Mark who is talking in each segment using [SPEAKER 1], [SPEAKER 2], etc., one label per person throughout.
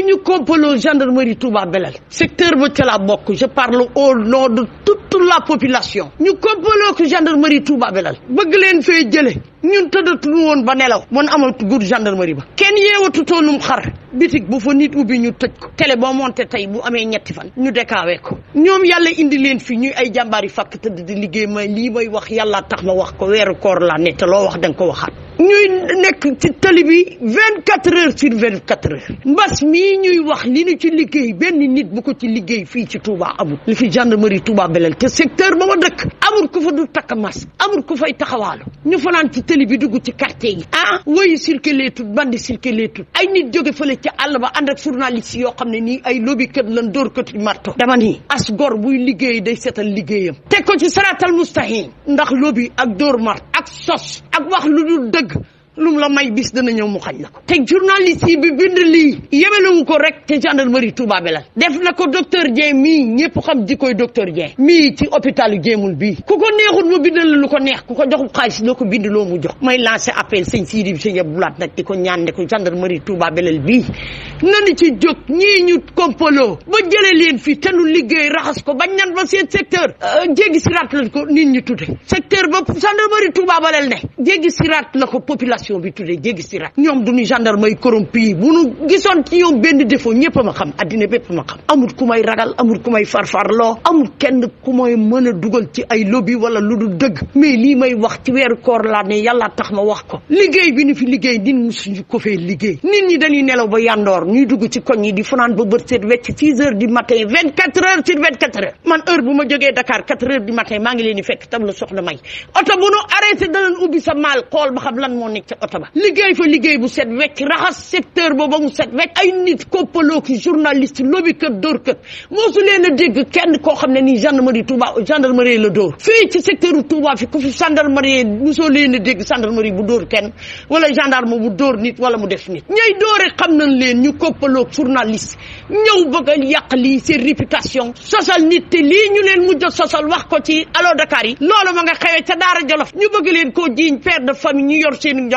[SPEAKER 1] lii ñu complot gendarmerie Touba Belel secteur ba ca la bokk par parle au nom de toute la population ñu complot ko gendarmerie Touba Belel bëgg leen fee jële ñun tëddatuñu woon ba nelaw man amal guur gendarmerie ba kenn yeewatutoonum xar bitig bu fa nit ubbi ñu tëj ko télé boo monté tey bu amee ñetti fan ñu dekaawee ko ñoom yàlla indi leen fi ñuy ay jàmbaar yi fàkk tëdd di liggéey may lii may wax yàlla tax ma wax ko weeru koor laa ne te loo wax danga ko waxaat ñuy nekk ci tali bi vingt quatre heures sur vingt quatre heures mbas mii ñuy wax li ñu ci liggéey benn nit bu ko ci liggéey fii ci Touba amul li fi gendarmerie Touba Belel te secteur ba ma dëkk amul ku fa du takk masque amul ku fay taxawaalu ñu fanaan ci tali bi dugg ci quartier yi ah woyu circulé tut bandi circulé tut ay nit jóge fële ci àll ba ànd ak journaliste yoo xam ne nii ay lobby kët lan dóor kët marto dama nii as gor buy liggéey day seetal liggéeyam teg ko ci saratal mustahim ndax lobby ak dóor mart ak sos ak wax lu dul dëgg lu mu la may bis dana ñëw mu xañ la ko te journaliste yi bi bind lii yemelewu ko rek te gendarmerie Touba Belel def na ko docteur Dieng mii ñëpp xam di koy docteur Dieng mii ci hôpitalu jéemul bii ku ko neexut mu bindal la lu ko neex ku ko joxul xaalis loo ko bind loo mu jox may lancé appel sëñ Sidi sëñ Abdoulaat nag di ko ñaan ne ko gendarmerie Touba Belel bii nanu ci jóg ñii ñu kompaloo ba jëlee leen fii te nu liggéey raxas ko bañ nan ba seen secteur euh, jéggi siraat la ko nit ñi tudde secteur ba gendarmerie Touba population bi tuddee jéggi si rak ñoom duñu gendarme yi corrompu yi bu nu gisoon ci ñoom benn défaut ñëpp ma xam addina bépp ma xam amul ku may ragal amul ku may farfarloo amul kenn ku may mën dugal ci ay lobby wala lu dul dëgg mais lii may wax ci weeru koor laa ne yàlla tax ma wax ko liggéey bi ni fi liggéey nit musuñu ko fee liggéey nit ñi dañuy nelaw ba yandoor ñuy dugg ci koñ yi di fanaan ba bët seet wecc six heures du matin vingt quatre heures sur heure bu ma jógee quatre heures ca oto ba liggéey fa liggéey bu set wecc raxas secteur ba ba mu set wecc ay nit koppaloo ki journaliste lobby kët dóor kët moosu leen a dégg kenn koo xam ne nii gendarmerie Touba gendarmerie la dóor fii ci secteur Touba fi ku fi gendarmerie mosoo leen a dégg gendarmerie bu dóor kenn wala gendarme bu dóor nit wala mu def nit ñay doore xam nañ leen ñu koppaloo journaliste ñëw bëgg a yàq lii seen réputation sosal nit te lii ñu leen mujj a sosal wax ko ci Allo Dakar yi loolu ma nga xewee ca Daara Jolof ñu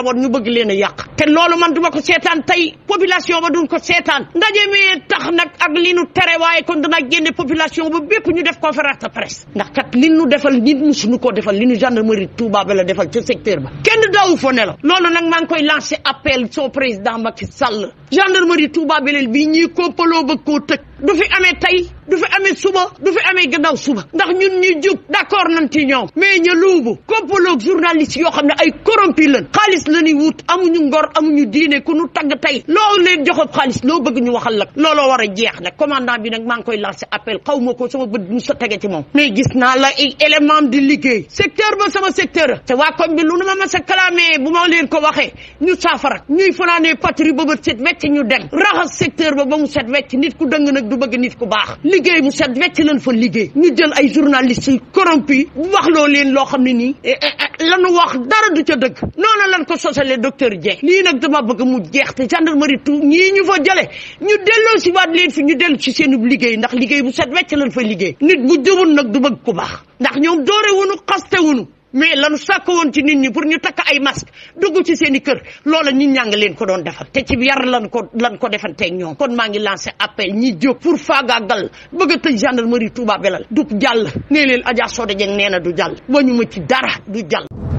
[SPEAKER 1] njaboot ñu bëgg leen yàq te loolu man duma ko seetaan tey population ba duñ ko seetaan ndaje mi tax nag ak li nu tere waaye kon danaa génne population ba bépp ñu def conférence de presse ndax kat li nu defal nit musuñu koo defal li nu gendarmerie Touba ba la defal ca secteur ba kenn daawu fa nelaw loolu nag maa ngi koy lancé appel son président Macky Sall gendarmerie Touba Belel bii ñuy koppaloo bëgg koo tëj du fi amee tey du fi amee suba du fi amee gannaaw suba ndax ñun ñu jóg d'accord nañ ci ñoom mais ñu luubu koppaloog journaliste yoo xam ne ay corrompi lañ xaalis la ñuy wut amuñu ngor amuñu diine ku nu tagg tey loo leen joxob xaalis loo bëgg ñu waxal la looloo war a jeex nag commandant bi nag maa ngi koy lancé appel xaw ma ko sama bët mu sa tege ci moom mais gis naa la ay élément ba sama secteur ma ma mais bu ma leen ko waxee ñu saafara ñuy fanaanee patrie ba set wecc ñu dem raxas secteur ba ba mu set wecc nit ku dëng nag du bëgg nit ku baax liggéey bu set wecc lañ fa liggéey ñu jël ay journalistes yu corrompus wax loo leen loo xam ne nii e, e, e, lanu wax dara du ca dëgg noonu lan ko sosalee docteur Dieng lii nag dama bëgg mu jeex te gendarmerie tout ñii ñu fa jële ñu delloo si waat leen fi ñu dellu si seen liggéey ndax liggéey bu set wecc lañ fa liggéey nit bu jëwun nag du bëgg ku baax ndax ñoom doore wunu xaste wunu mais lanu sàkk woon ci nit ñi pour ñu takk ay masque dugg ci seeni kër loola nit ñaa leen ko doon defal te ci bi yar lan ko lan ko defanteeg ñoom kon maa ngi lancé appel ñi jóg pour faagaagal bëgg a tëj gendarmerie Touba Belal du jàll nee leen Adja Soda Dieng nee na du jàll ba ñu ma ci dara du jàll